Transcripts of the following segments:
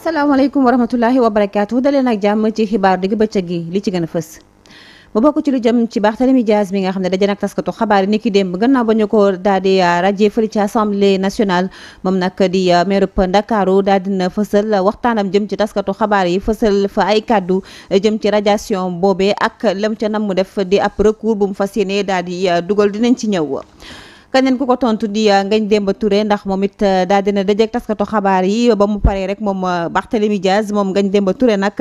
asalaamaaleykum wa rahmatullahi wa barakaatu dalee nag jàmm ci xibaar digg bëccëg gi li ci gën a fës mu bokk ci lu jëm ci Barthélemy Dias bi nga xam ne daje nag taskatu xabaar yi ni ki démb gannaaw ba ñu ko daal di ah, rajee fële ci assemblée nationale moom nag di ah, meerup Ndakaaru daal dina fësal waxtaanam jëm ci taskatu xabaar yi fësal fa ay kàddu eh, jëm ci radiation boobee ak lam ca nam mu def di ab recours bu mu fas yéene daal di ah, dugal dinañ ci ñëw keneen ku ko tontu di euh, Ngagne Demba ture ndax moom it euh, daal dina dajeek taskatu xabaar yi ba mu paree rek moom euh, Barthélémy Diaz moom Ngagne Demba Touré nag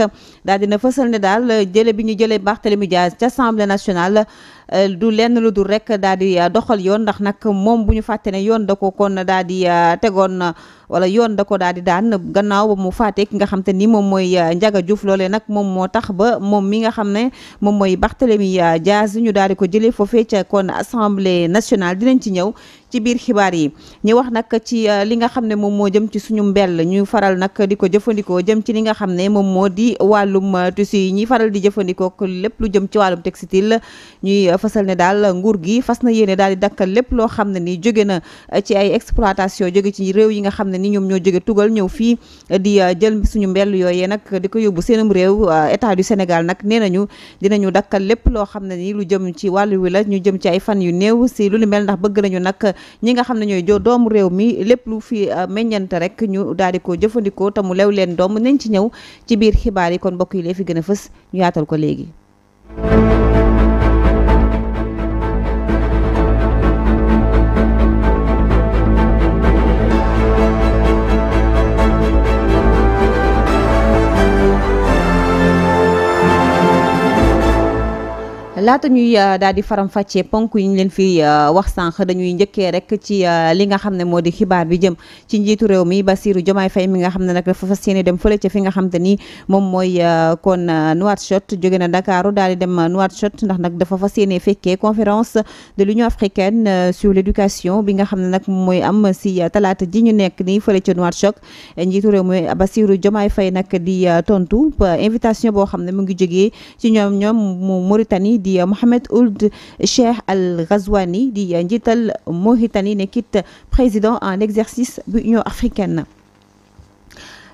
daal dina fësal ne daal jële bi ñu jële Barthélémy Diaz ci Assemblée nationale Euh, du lenn lu dul rek daal di euh, doxal yoon ndax nag moom bu ñu fàtte ne yoon da ko kon daal di euh, tegoon wala yoon da ko daal di daan gannaaw ba mu faatee ki nga xam te ni moom mooy Ndiaga Diouf loolee nag moom moo tax ba moom mi nga xam ne moom mooy Barthélémy Dias ñu daal di ko jëlee foofee ca kon assemblée nationale dinañ ci ñëw ci biir xibaar yi ñu wax nag ci euh, li nga xam ne moom moo jëm ci suñu mbell ñu faral nag di ko jëfandikoo jëm ci li nga xam ne moom moo di wàllum euh, tissu yi ñuy faral di jëfandikoo lépp lu jëm ci wàllum textile ñuy fasal ne daal nguur gi fas na yéene daal di dakkal lépp loo xam ne ni jóge na euh, ci exploitation jóge ci réew yi nga xam ne ni ñoom ñoo jóge tugal ñëw fii di jël suñu mbell yooyee nag di ko yóbbu seenum réew état du Sénégal nag nee nañu dinañu dakkal lépp loo xam ne ni lu jëm ci wàllu wi ñu jëm ci ay fan yu néew si lu ni mel ndax bëgg nañu nag ñi nga xam ne ñooy jo doomu réew mi lépp lu fi euh, meññante rek ñu daal di ko jëfandikoo te mu lew leen doom nañ ci ñëw ci biir xibaar yi kon mbokk yi lee fi gën a fës ñu yaatal ko léegi laata ñuy euh, daal di faram fàccee ponk yi ñu leen fi euh, wax sànq dañuy njëkkee rek ci euh, li nga xam ne moo di xibaar bi jëm ci njiitu réew mi Bassirou Diomaye Faye mi nga xam ne nag dafa fas dem fële ca fi nga xam ni moom mooy kon Nouakchott jóge na Dakar daal di dem Nouakchott ndax nag dafa fas yéene fekkee conférence de l'Union africaine sur l'éducation bi nga xam ne nag mooy am si talaata ji ñu nekk nii fële ca Nouakchott njiitu réew mi Bassirou Diomaye Faye nag di tontu invitation boo xam ne mu ngi jógee ci ñoom ñoom Mauritanie di Mohamed Ould Cheikh Al Ghazouani di mohitani, Mohitani nekkit président en exercice de l'union africaine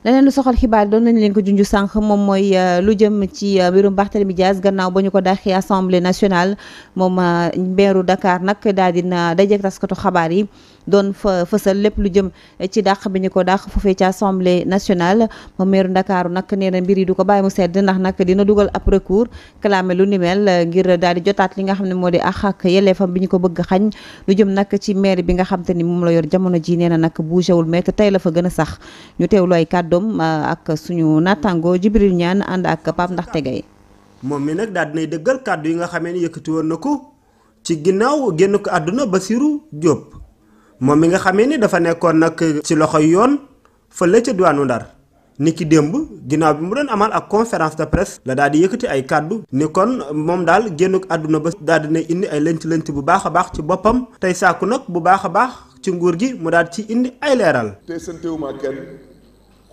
leneen lu soxal xibaar doon nañ leen ko junj sànq moom mooy euh, lu jëm ci euh, mbirum Barthélemy Diaz gannaaw ba ñu ko dàqi assemblée nationale moom euh, meeru Dakar nag daal dina dajeek taskatu xabaar yi doon fa fësal lépp lu jëm ci dàq bi ñu ko dàq foofee ci assemblée nationale moom meeru nag nee mbir yi du ko bàyyi mu sedd ndax nag dina dugal ab recours clamé lu ni ngir daal di jotaat li nga xam ne moo di àq ak yelleefam bi ñu ko bëgg xañ lu jëm nag ci maire bi nga xam te ni moom la yor jamono ji nee na nag bougéwul mais te tey la fa gën a sax ñu teewlu ay kàddu kàddoom ak suñu naataango Jibril Ñaan ànd ak Pape ndax Gaye moom mi nag daal nay dëggal kàddu yi nga xamee ni yëkkati woon na ko ci ginnaaw génn ko àdduna ba Basirou jóob moom mi nga xamee ni dafa nekkoon nag ci loxo yoon fële ca diwaanu Ndar ni ki démb ginnaaw bi mu doon amal ak conférence de presse la daal di yëkkati ay kàddu ni kon moom daal génn àdduna ba daal dina indi ay lënt-lënt bu baax a baax ci boppam tey sàkku nag bu baax a baax ci nguur gi mu daal ci indi ay leeral.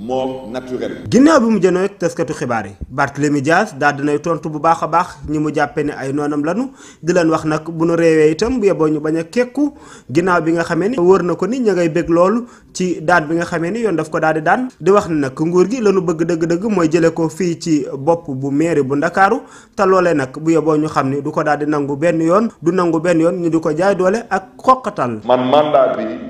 moom naturel. ginnaaw bi mu jënoo ak taskatu xibaar yi Barthélemy Dias daal dinay tontu bu baax a baax ñi mu jàppe ne ay noonam lanu di leen wax nag bu nu réewee itam bu yeboo ñu bañ a kekku ginnaaw bi nga xamee ni wër na ko ni ña ngay bég loolu ci daan bi nga xamee ni yoon daf ko daal di daan di wax ne nag nguur gi lanu bëgg dëgg-dëgg mooy jëlee ko fii ci bopp bu mairie bu ndakaaru te loolee nag bu yeboo ñu xam ni du ko daal di nangu benn yoon du nangu benn yoon ñu di ko jaay doole ak xoqatal man mandat bi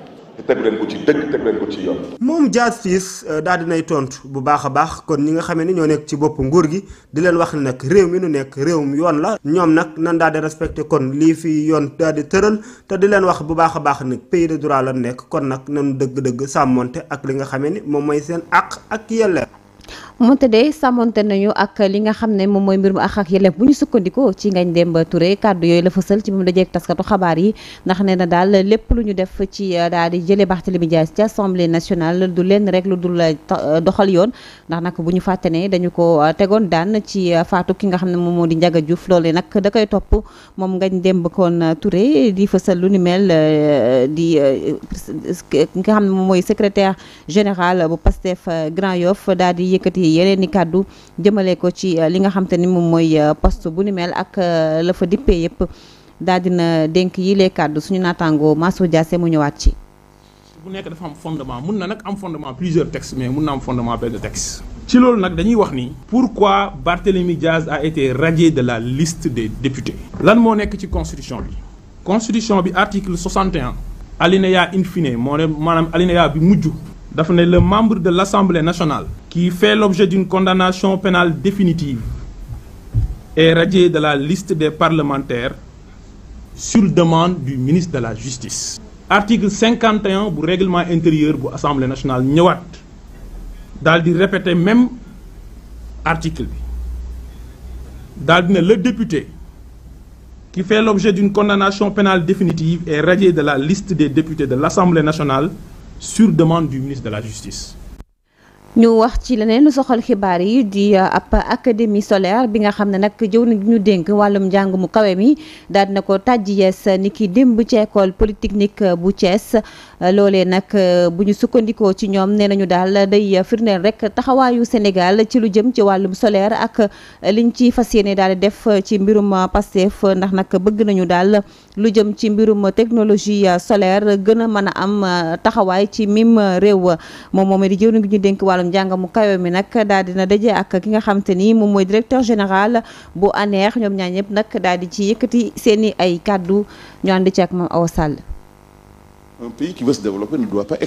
te leen ko ci dëgg teg leen ko ci yoon. moom Dia Cissé euh, daal nay tontu bu baax a baax kon ñi nga xamee ni ñoo nekk ci bopp nguur gi di leen wax ne nag réew mi nu nekk réew réewum yoon la ñoom nag nan daal di respecté kon lii fi yoon daal di tëral te di leen wax bu baax a baax nag pays de droit la nekk kon nag nanu dëgg-dëgg sàmmonte ak li nga xamee ni moom mooy seen àq ak yelleef. moonte de sàmmonte nañu ak li nga xam ne moom mooy mbir mu àq ak yelleef bu ñu sukkandikoo ci Ngagne Demba Touré kàddu yooyu la fësal ci moom dajeeg taskatu xabaar yi ndax nee na daal lépp lu ñu def ci euh, daal di jëlee ci assemblée nationale du leen rek lu dul euh, euh, doxal yoon ndax nag bu ñu fàtte ne dañu ko tegoon daan ci faatu ki nga xam ne moom moo di Ndiaga Diouf loolee nag da koy topp moom Ngagne Demba kon Touré di fësal lu ni mel di ki nga xam ne moom mooy secrétaire général bu Pastef yeneen i kàddu jëmale ko ci euh, li nga xam ni moom mooy euh, poste bu ni mel ak euh, la fa dippee yëpp daal dina dénk yi lee kàddu suñu naataangoo Massou Diassé mu ñëwaat ci. bu nekk dafa am fondement mun na nag am fondement plusieurs textes mais mun na am fondement benn texte. ci loolu nag dañuy wax ni. pourquoi Barthélemy Diaz a été radié de la liste de députés. lan moo nekk ci constitution bi. constitution bi article 61. alinéa in fine moo ne maanaam alinéa bi mujj. dafa ne le membre de l' assemblée nationale. qui fait l'objet d'une condamnation pénale définitive est radié de la liste des parlementaires sur demande du ministre de la Justice. Article 51 du règlement intérieur de l'Assemblée nationale Nyawat, Dans le répéter même article le député qui fait l'objet d'une condamnation pénale définitive est radié de la liste des députés de l'Assemblée nationale sur demande du ministre de la Justice. ñu wax ci leneen soxal xibaar yi di uh, ab académie solaire bi nga xam ne nag jëwriñ gi ñu dénk wàllum njàng mu kawe mi daal di na ko tàjji yees ni ki démb ci école polytechnique bu Thiès uh, loole nag uh, bu ñu sukkandikoo ci ñoom nee nañu daal day firndeel rek taxawaayu Sénégal ci lu jëm ci wàllum solaire ak liñ ci fas yéene daal di def ci mbirum Pastef ndax nag bëgg nañu daal lu jëm ci mbirum technologie solaire gën a mën a am taxawaay ci mim réew moom moom di jëwriñ dénk wàllum njàng mu mi nag daal dina daje ak ki nga xam te ni moom mooy directeur général bu ANER ñoom ñaar ñëpp nag daal di ci yëkkati seeni ay kàddu ñu ànd ci ak moom Awa Sall. un pays qui veut se développer ne doit pas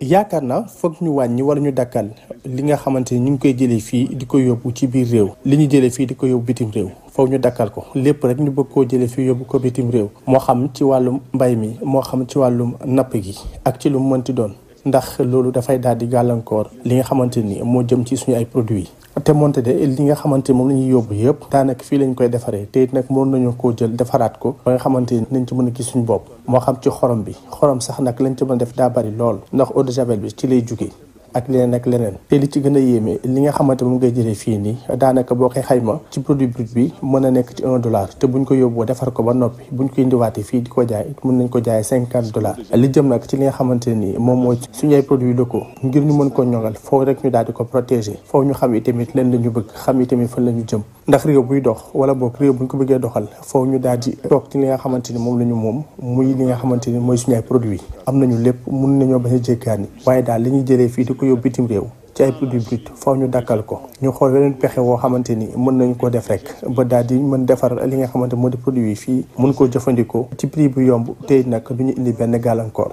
yaakaar na foog ñu wàññi wala ñu dakkal li nga xamante ni ñu ngi koy jëlee fii di ko yóbbu ci biir réew. li ñu jëlee fii di ko yóbbu bitim réew. foog ñu dakkal ko lépp rek ñu bëgg koo jëlee fii yóbbu ko bitim réew. moo xam ci wàllum mbay mi moo xam ci wàllum napp gi ak ci lu mu mënti doon. ndax loolu dafay daal di gàllankoor li nga xamante ni moo jëm ci suñu ay produits te monte de li nga xamante moom la ñuy yóbbu yëpp daanaka fii lañ koy defaree te nag mën nañu koo jël defaraat ko ba nga xamante ni nañ ci mën a gis suñu bopp moo xam ci xorom bi xorom sax nag lañ ci mën def daa bari lool ndax eau de javel bi ci lay jugee ak leneen te li ci gën a yéeme li nga xamante moom ngay jëlee a nekk te buñ ko yóbboo defar ko ba noppi buñ ko indiwaatee fii di ko jaay mën ko jaay cinquante dollars li jëm nag ci li nga xamante ni moom moo suñu ay produits locaux ngir ñu mën ko ñoŋal foofu rek ñu daal di ko protéger foofu ñu xam tamit leen la ñu bëgg tamit fan la ñu jëm ndax réew buy dox wala boog réew buñ ko bëggee doxal ñu daal di toog ci nga xamante ni moom la ñu moom muy li nga xamante ni mooy suñu ay produits am nañu lépp mën nañoo bañ a jéggaani waaye daal li ñuy jëlee fii di ko ko yóbbu bitim réew ci ay produit brut foofu ñu dakkal ko ñu xool weneen pexe woo xamante ni mën nañ ko def rek ba daal di mën defaral li nga xamante moo di produit yi fii mën koo jëfandikoo ci prix bu yomb tey nag du ñu indi benn gàllankoor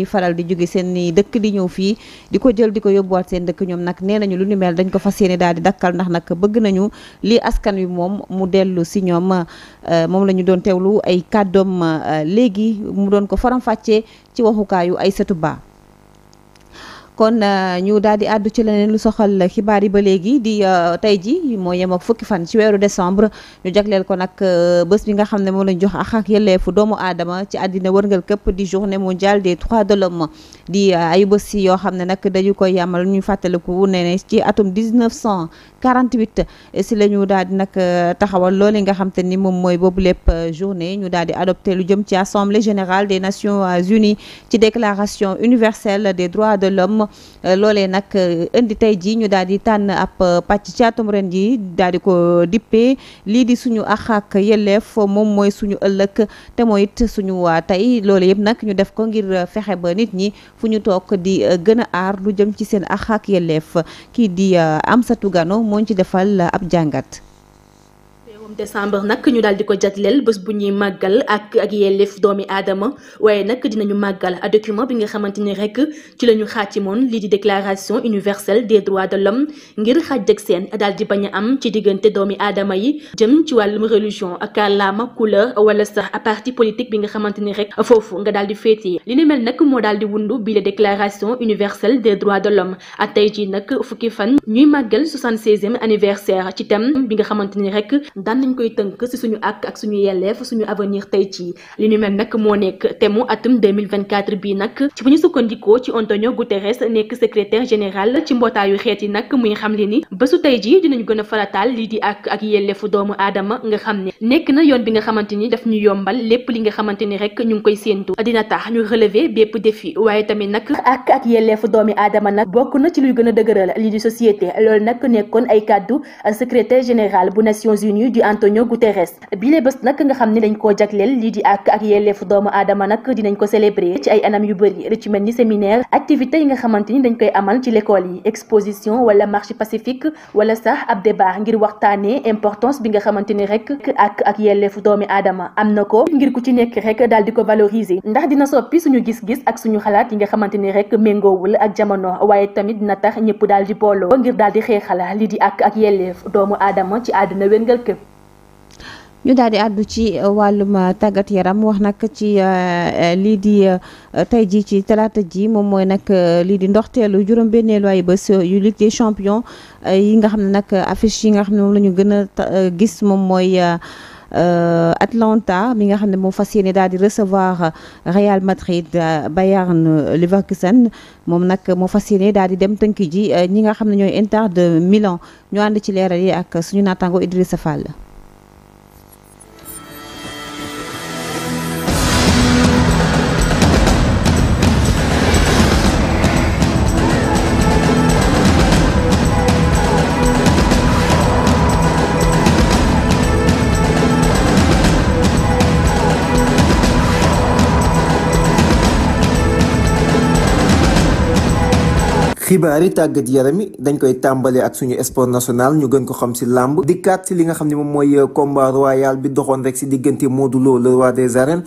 dañuy faral di jóge seen dëkk di ñëw fii di ko jël di ko yóbbuwaat seen dëkk ñoom nag nee nañu lu ni mel dañ ko fas yéene daal di dakkal ndax nag bëgg nañu lii askan wi moom mu dellu si ñoom euh, moom la ñu doon teewlu ay kàddoom euh, léegi mu doon ko faram-fàccee ci waxukaayu Aïssatou Ba kon euh, ñu daal di àddu ci leneen lu soxal xibaar yi ba léegi di euh, tey ji moo yem ak fukki fan ci weeru décembre ñu jagleel ko nag euh, bés bi nga xam ne moom lañ jox ak ak yelleefu doomu aadama ci àddina wërngal këpp di journée mondiale des droits de l'homme di ayu bés si yoo xam ne nag dañu koy yamal ñu fàttaliku ne ci atum 1948 eh, si la ñu daal di nag taxawal loole nga xam te ni moom mooy boobu lépp journée ñu daal di adopté lu jëm ci assemblée générale des nations unies ci déclaration universelle des droits de l'homme Euh, loolee nag euh, indi tey jii ñu daal di tànn ab euh, pàcc ci atum ren ji daal di ko dippee lii di suñu àq ak moom mooy suñu ëllëg te mooy it suñu waa tey loolu yëpp nag ñu def ko ngir fexe ba nit ñi fu ñu toog di gën a aar lu jëm ci seen àq ak kii di Amsatou Gano moo ci defal ab jàngat. décembre nak ñu daal di ko jagleel bu ñuy ak ak yelef doomi adama waaye nak dinañu document bi nga xamante rek ci lañu ñu xaatimoon di déclaration universelle des droits de l'homme ngir xaj ak seen daal di am ci digënté doomi adama yi jëm ci religion ak kàllaama couleur wala sax parti politique bi nga xamante rek fofu nga daal di féetee li ni mel nak mo di bi la déclaration universelle des droits de l'homme a tey jii nag fukki fan ñuy màggal 76e anniversaire ci thème bi nga rek nañ koy tënk si suñu àkk ak suñu yelleef suñu avenir tey ci li ñu mel nag moo nekk temu atum 2024 bii nag ci bu ñu sukkandikoo ci Antonio Guterres nekk secrétaire général ci mbootaayu xeet yi nag muy xam le ni bésu tey jii dinañ gën a farataal lii di àkk ak yelleefu doomu aadama nga xam ne nekk na yoon bi nga xamante ni daf ñu yombal lépp li nga xamante ni rek ñu ngi koy séentu dina taax ñu relever bépp défi waaye tamit nag àkk ak yelleefu doomi aadama nag bokk na ci luy gën a dëgëral lii di société loolu nag nekkoon ay kàddu secrétaire général Antonio Guterres bile bés nak nga xam dañ ko jagleel li di ak ak yelleefu doomu aadama nag dinañ ko célébrer ci ay anam yu bari ci melni séminaire activité yi nga xamanteni dañ koy amal ci l'école yi exposition wala marché pacifique wala sax ab débat ngir waxtané importance bi nga xamanteni rek ak ak yelleefu doomi adama amna ko ngir ku ci nekk rek dal di ko valoriser ndax dina soppi suñu gis-gis ak suñu xalaat yi nga xamanteni rek mengowul ak jamono waye tamit dina tax ñepp dal di polo ngir dal di xeexal li di ak ak yelleef doomu adama ci àdduna ñu daal di àddu ci uh, wàllum uh, tàggat yaram wax nag ci uh, lii di tey jii ci talaata ji moom mooy nag lii di ndoxteelu juróom-benneelu ay bés yu Ligue des champions yi nga xam ne nag affiche yi nga xam ne moom la ñu gën a gis moom mooy. Atlanta mi nga xam ne moo fas yéene daal di recevoir Real Madrid Bayern Leverkusen moom nag moo fas yéene daal di dem tënki ji ñi nga xam ne ñooy Inter de Milan ñu ànd ci leeral yi ak suñu naataango Idrissa Fall. yi tàggat yaram yi dañ koy tàmbale ak suñu sport national ñu gën ko xam si làmb dikkaat si li nga xam ne moom mooy combat royal bi doxoon rek si diggante Modou Lo le roi des arènes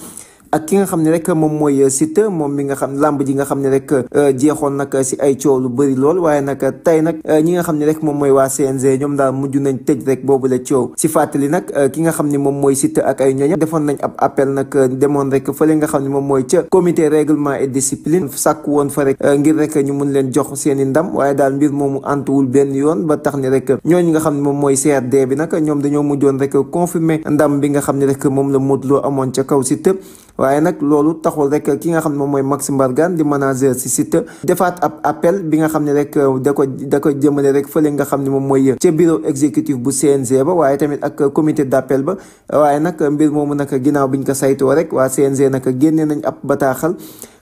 ak ki nga xam ne rek moom mooy Siteu moom mi nga xam làmb ji nga xam ne rek euh, jeexoon nag si ay coow lu bëri lool waaye nag tey nag euh, ñi nga xam ne rek moom mooy waa CNG ñoom daal mujj nañ tëj rek boobu la coow si fàttali nag euh, ki nga xam ne moom mooy Siteu ak ay ñooñam defoon nañ ab appel nag demoon rek fële nga xam ne moom mooy ca comité règlement et discipline sàkk woon fa rek ngir rek ñu mun leen jox seen i ndam waaye daal mbir moomu antuwul benn yoon ba tax ni rek ñooñu nga xam ne moom mooy CRD bi nag ñoom dañoo mujjoon rek confirmer ndam bi nga xam ne rek moom la Modou Lo amoon ca kaw Siteu waaye nag loolu taxul rek ki nga xam ne moom mooy Max Mbargane di manager si Siteu defaat ab appel bi nga xam ne rek da ko da ko jëmale rek fële nga xam ne moom mooy ca bureau exécutif bu CNG ba waaye tamit ak comité d'appel ba waaye nag mbir moomu nag ginnaaw biñ ko saytoo rek waa CNG nag génnee nañ ab bataaxal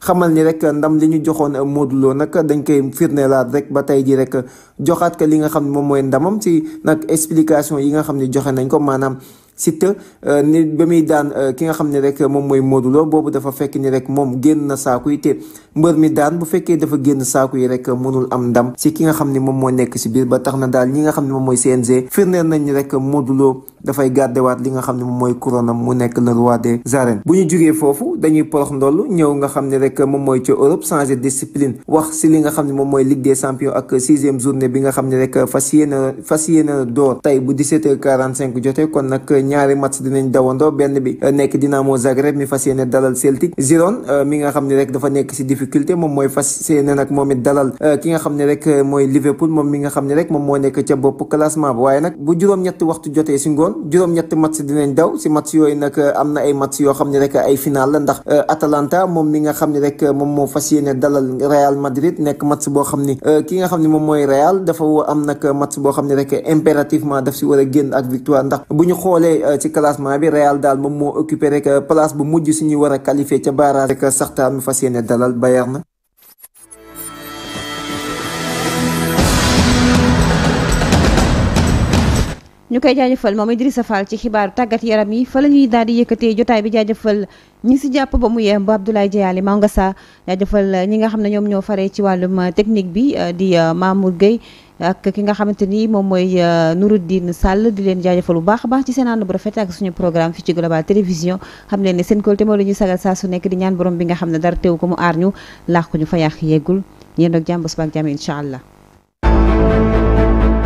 xamal ni rek ndam li ñu joxoon Modou Lo nag dañ koy firndeelaat rek ba tey ji rek joxaat ko li nga xam ne moom mooy ndamam si nag explication yi nga xam ne joxe nañ ko maanaam Siteu euh, nit ba muy daan euh, ki nga xam ne rek moom mooy Modou boobu dafa fekk ni rek moom génn na saaku yi te mbër mi daan bu fekkee dafa génn saaku yi rek mënul am ndam si ki nga xam ne moom moo nekk si biir ba tax na daal ñi nga xam ne moom mooy CNG firndeel nañ ni rek Modou Lo dafay gardewaat li nga xam ne moom mooy couronam mu nekk na roi des arènes bu ñu jugee foofu dañuy porox ndollu ñëw nga xam ne rek moom mooy ci Europe changer discipline wax si li nga xam ne moom mooy Ligue des champions ak sixième journée bi nga xam ne rek fas yéene fas yéene door tey bu 17h45 jotee kon nag ñaari match dinañ dawanto benn bi eh, nekk Dinamo Zagreb mi fas yéene dalal Celtic Ziron eh, mi nga xam ne rek dafa nekk si difficulté moom mooy fas yéene nag moom it dalal eh, ki nga xam ne rek mooy Liverpool moom mi nga xam ne rek moom moo nekk ca bopp classement ba waaye nag bu juróom-ñetti waxtu jotee si ngoon juróom-ñetti match dinañ daw si match yooyu nag am na ay match yoo xam ne rek ay final la ndax Atalanta moom mi nga xam ne rek moom moo fas yéene dalal Real Madrid nekk match boo xam ni ki nga xam ne moom mooy Real dafa am nag match boo xam ne rek impérativement daf si war a génn ak victoire ndax bu ñu xoolee tey euh, ci classement bi Real daal moom moo occupé rek euh, place bu mujj si ñu war a qualifié ca barrage rek saxtaan mu fas yéene dalal Bayern. ñu koy jaajëfal moom sa faal ci xibaaru tàggat yaram yi fa la ñuy daal di yëkkatee jotaay bi jaajëfal ñi si jàpp ba mu yem ba Abdoulaye Diallo Mangasa jaajëfal ñi nga xam ne ñoom ñoo faree ci wàllum technique bi euh, di euh, Mamour Gueye ak ki nga xamante nii moom mooy euh, Nouroudine sàll di leen jaajëfal bu baax a baax ci seen ànd bu rafet ak suñu programme fii ci Global Télévision xam leen ne seen kóolte moo la ñuy sagal saa su nekk di ñaan borom bi nga xam ne dara ko mu aar ñu laax ñu fa yàq yeggul ñeen ak jàmm ba subaak jàmm incha